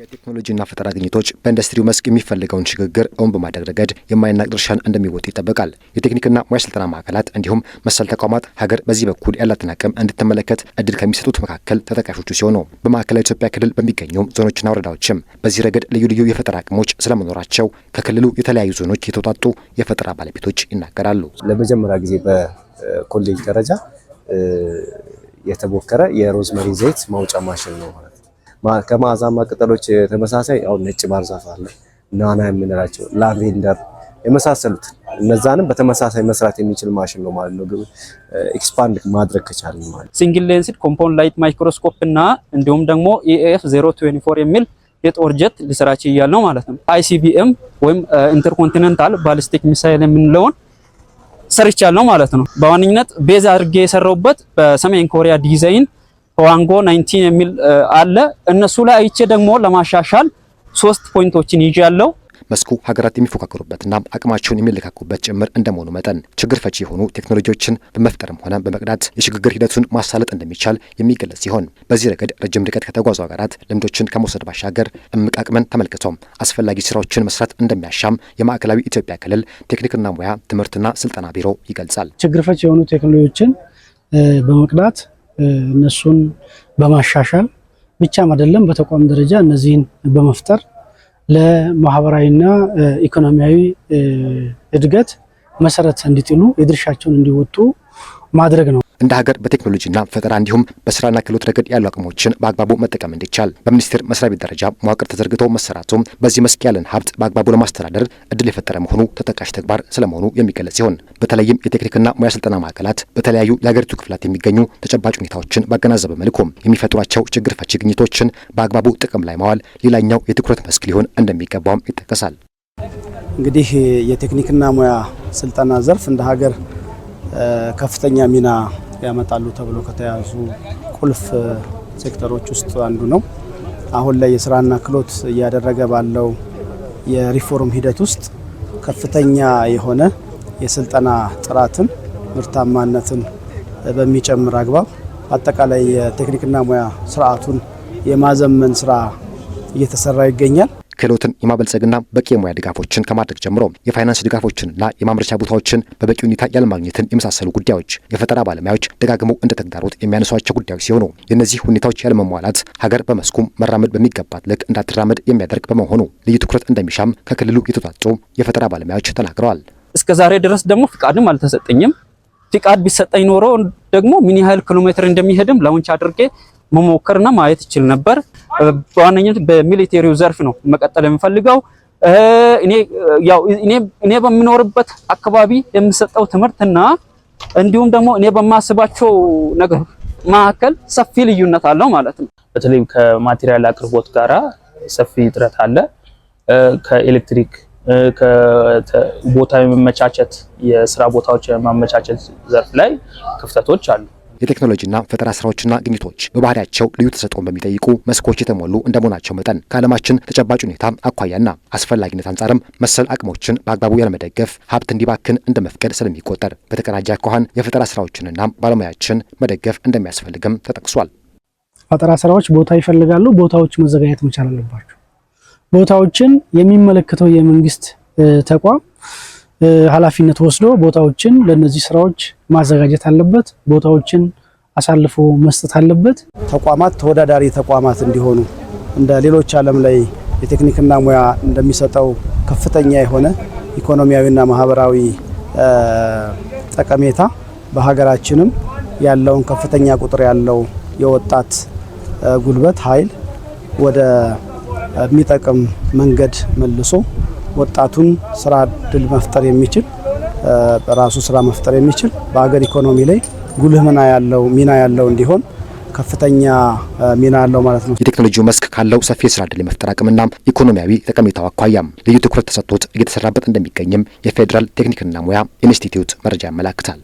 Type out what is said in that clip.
የቴክኖሎጂና ፈጠራ ግኝቶች በኢንዱስትሪው መስክ የሚፈልገውን ሽግግር እውን በማድረግ ረገድ የማይናቅ ድርሻን እንደሚወጡ ይጠበቃል። የቴክኒክና ሙያ ስልጠና ማዕከላት እንዲሁም መሰል ተቋማት ሀገር በዚህ በኩል ያላትን አቅም እንድትመለከት እድል ከሚሰጡት መካከል ተጠቃሾቹ ሲሆኑ በማዕከላዊ ኢትዮጵያ ክልል በሚገኙ ዞኖችና ወረዳዎችም በዚህ ረገድ ልዩ ልዩ የፈጠራ አቅሞች ስለመኖራቸው ከክልሉ የተለያዩ ዞኖች የተውጣጡ የፈጠራ ባለቤቶች ይናገራሉ። ለመጀመሪያ ጊዜ በኮሌጅ ደረጃ የተሞከረ የሮዝመሪ ዘይት ማውጫ ማሽን ነው ከመዓዛማ ቅጠሎች ተመሳሳይ አሁን ነጭ ባርዛፍ አለ፣ ናና የምንላቸው ላቬንደር የመሳሰሉት እነዛንም በተመሳሳይ መስራት የሚችል ማሽን ነው ማለት ነው። ኤክስፓንድ ማድረግ ከቻለ ማለት ሲንግል ሌንስድ ኮምፓውንድ ላይት ማይክሮስኮፕ እና እንዲሁም ደግሞ ኤኤፍ 024 የሚል የጦር ጀት ልስራች እያል ነው ማለት ነው። አይሲቢኤም ወይም ኢንተርኮንቲኔንታል ባሊስቲክ ሚሳይል የምንለውን ሰርቻል ነው ማለት ነው። በዋነኝነት ቤዝ አድርጌ የሰራውበት በሰሜን ኮሪያ ዲዛይን ዋንጎ 19 የሚል አለ። እነሱ ላይ አይቼ ደግሞ ለማሻሻል ሶስት ፖይንቶችን ያለው መስኩ ሀገራት የሚፎካከሩበትና አቅማቸውን የሚለካኩበት ጭምር እንደመሆኑ መጠን ችግር ፈቺ የሆኑ ቴክኖሎጂዎችን በመፍጠርም ሆነ በመቅዳት የሽግግር ሂደቱን ማሳለጥ እንደሚቻል የሚገለጽ ሲሆን በዚህ ረገድ ረጅም ርቀት ከተጓዙ ሀገራት ልምዶችን ከመውሰድ ባሻገር እምቅ አቅምን ተመልክቶም አስፈላጊ ስራዎችን መስራት እንደሚያሻም የማዕከላዊ ኢትዮጵያ ክልል ቴክኒክና ሙያ ትምህርትና ስልጠና ቢሮ ይገልጻል። ችግር ፈቺ የሆኑ ቴክኖሎጂዎችን በመቅዳት እነሱን በማሻሻል ብቻም አይደለም በተቋም ደረጃ እነዚህን በመፍጠር ለማህበራዊና ኢኮኖሚያዊ እድገት መሰረት እንዲጥሉ የድርሻቸውን እንዲወጡ ማድረግ ነው። እንደ ሀገር በቴክኖሎጂና ፈጠራ እንዲሁም በስራና ክህሎት ረገድ ያሉ አቅሞችን በአግባቡ መጠቀም እንዲቻል በሚኒስቴር መስሪያ ቤት ደረጃ መዋቅር ተዘርግቶ መሰራቱ በዚህ መስክ ያለን ሀብት በአግባቡ ለማስተዳደር እድል የፈጠረ መሆኑ ተጠቃሽ ተግባር ስለመሆኑ የሚገለጽ ሲሆን በተለይም የቴክኒክና ሙያ ስልጠና ማዕከላት በተለያዩ የሀገሪቱ ክፍላት የሚገኙ ተጨባጭ ሁኔታዎችን ባገናዘበ መልኩ የሚፈጥሯቸው ችግር ፈቺ ግኝቶችን በአግባቡ ጥቅም ላይ መዋል ሌላኛው የትኩረት መስክ ሊሆን እንደሚገባውም ይጠቀሳል። እንግዲህ የቴክኒክና ሙያ ስልጠና ዘርፍ እንደ ሀገር ከፍተኛ ሚና ያመጣሉ ተብሎ ከተያዙ ቁልፍ ሴክተሮች ውስጥ አንዱ ነው። አሁን ላይ የስራና ክህሎት እያደረገ ባለው የሪፎርም ሂደት ውስጥ ከፍተኛ የሆነ የስልጠና ጥራትን፣ ምርታማነትን በሚጨምር አግባብ አጠቃላይ የቴክኒክና ሙያ ስርዓቱን የማዘመን ስራ እየተሰራ ይገኛል። ክህሎትን የማበልጸግና በቂ የሙያ ድጋፎችን ከማድረግ ጀምሮ የፋይናንስ ድጋፎችንና የማምረቻ ቦታዎችን በበቂ ሁኔታ ያለማግኘትን የመሳሰሉ ጉዳዮች የፈጠራ ባለሙያዎች ደጋግመው እንደ ተግዳሮት የሚያነሷቸው ጉዳዮች ሲሆኑ የእነዚህ ሁኔታዎች ያለመሟላት ሀገር በመስኩም መራመድ በሚገባት ልክ እንዳትራመድ የሚያደርግ በመሆኑ ልዩ ትኩረት እንደሚሻም ከክልሉ የተውጣጡ የፈጠራ ባለሙያዎች ተናግረዋል። እስከ ዛሬ ድረስ ደግሞ ፍቃድም አልተሰጠኝም። ፍቃድ ቢሰጠኝ ኖሮ ደግሞ ምን ያህል ኪሎ ሜትር እንደሚሄድም ላውንች አድርጌ መሞከርና ማየት ይችል ነበር። በዋነኝነት በሚሊቴሪው ዘርፍ ነው መቀጠል የምፈልገው። እኔ ያው እኔ በምኖርበት አካባቢ የምሰጠው ትምህርትና እንዲሁም ደግሞ እኔ በማስባቸው ነገር መካከል ሰፊ ልዩነት አለው ማለት ነው። በተለይ ከማቴሪያል አቅርቦት ጋራ ሰፊ እጥረት አለ። ከኤሌክትሪክ ቦታ የመመቻቸት የስራ ቦታዎች የማመቻቸት ዘርፍ ላይ ክፍተቶች አሉ። የቴክኖሎጂና ፈጠራ ስራዎችና ግኝቶች በባህሪያቸው ልዩ ተሰጥኦን በሚጠይቁ መስኮች የተሞሉ እንደመሆናቸው መጠን ከዓለማችን ተጨባጭ ሁኔታ አኳያና አስፈላጊነት አንጻርም መሰል አቅሞችን በአግባቡ ያለመደገፍ ሀብት እንዲባክን እንደ መፍቀድ ስለሚቆጠር በተቀናጀ አኳኋን የፈጠራ ስራዎችንና ባለሙያችን መደገፍ እንደሚያስፈልግም ተጠቅሷል። ፈጠራ ስራዎች ቦታ ይፈልጋሉ። ቦታዎች መዘጋጀት መቻል አለባቸው። ቦታዎችን የሚመለከተው የመንግስት ተቋም ኃላፊነት ወስዶ ቦታዎችን ለእነዚህ ስራዎች ማዘጋጀት አለበት። ቦታዎችን አሳልፎ መስጠት አለበት። ተቋማት ተወዳዳሪ ተቋማት እንዲሆኑ እንደ ሌሎች ዓለም ላይ የቴክኒክና ሙያ እንደሚሰጠው ከፍተኛ የሆነ ኢኮኖሚያዊና ማህበራዊ ጠቀሜታ በሀገራችንም ያለውን ከፍተኛ ቁጥር ያለው የወጣት ጉልበት ኃይል ወደ የሚጠቅም መንገድ መልሶ ወጣቱን ስራ እድል መፍጠር የሚችል ራሱ ስራ መፍጠር የሚችል በሀገር ኢኮኖሚ ላይ ጉልህ ሚና ያለው ሚና ያለው እንዲሆን ከፍተኛ ሚና ያለው ማለት ነው። የቴክኖሎጂው መስክ ካለው ሰፊ የስራ ዕድል የመፍጠር አቅምና ኢኮኖሚያዊ ጠቀሜታው አኳያም ልዩ ትኩረት ተሰጥቶት እየተሰራበት እንደሚገኝም የፌዴራል ቴክኒክና ሙያ ኢንስቲትዩት መረጃ ያመላክታል።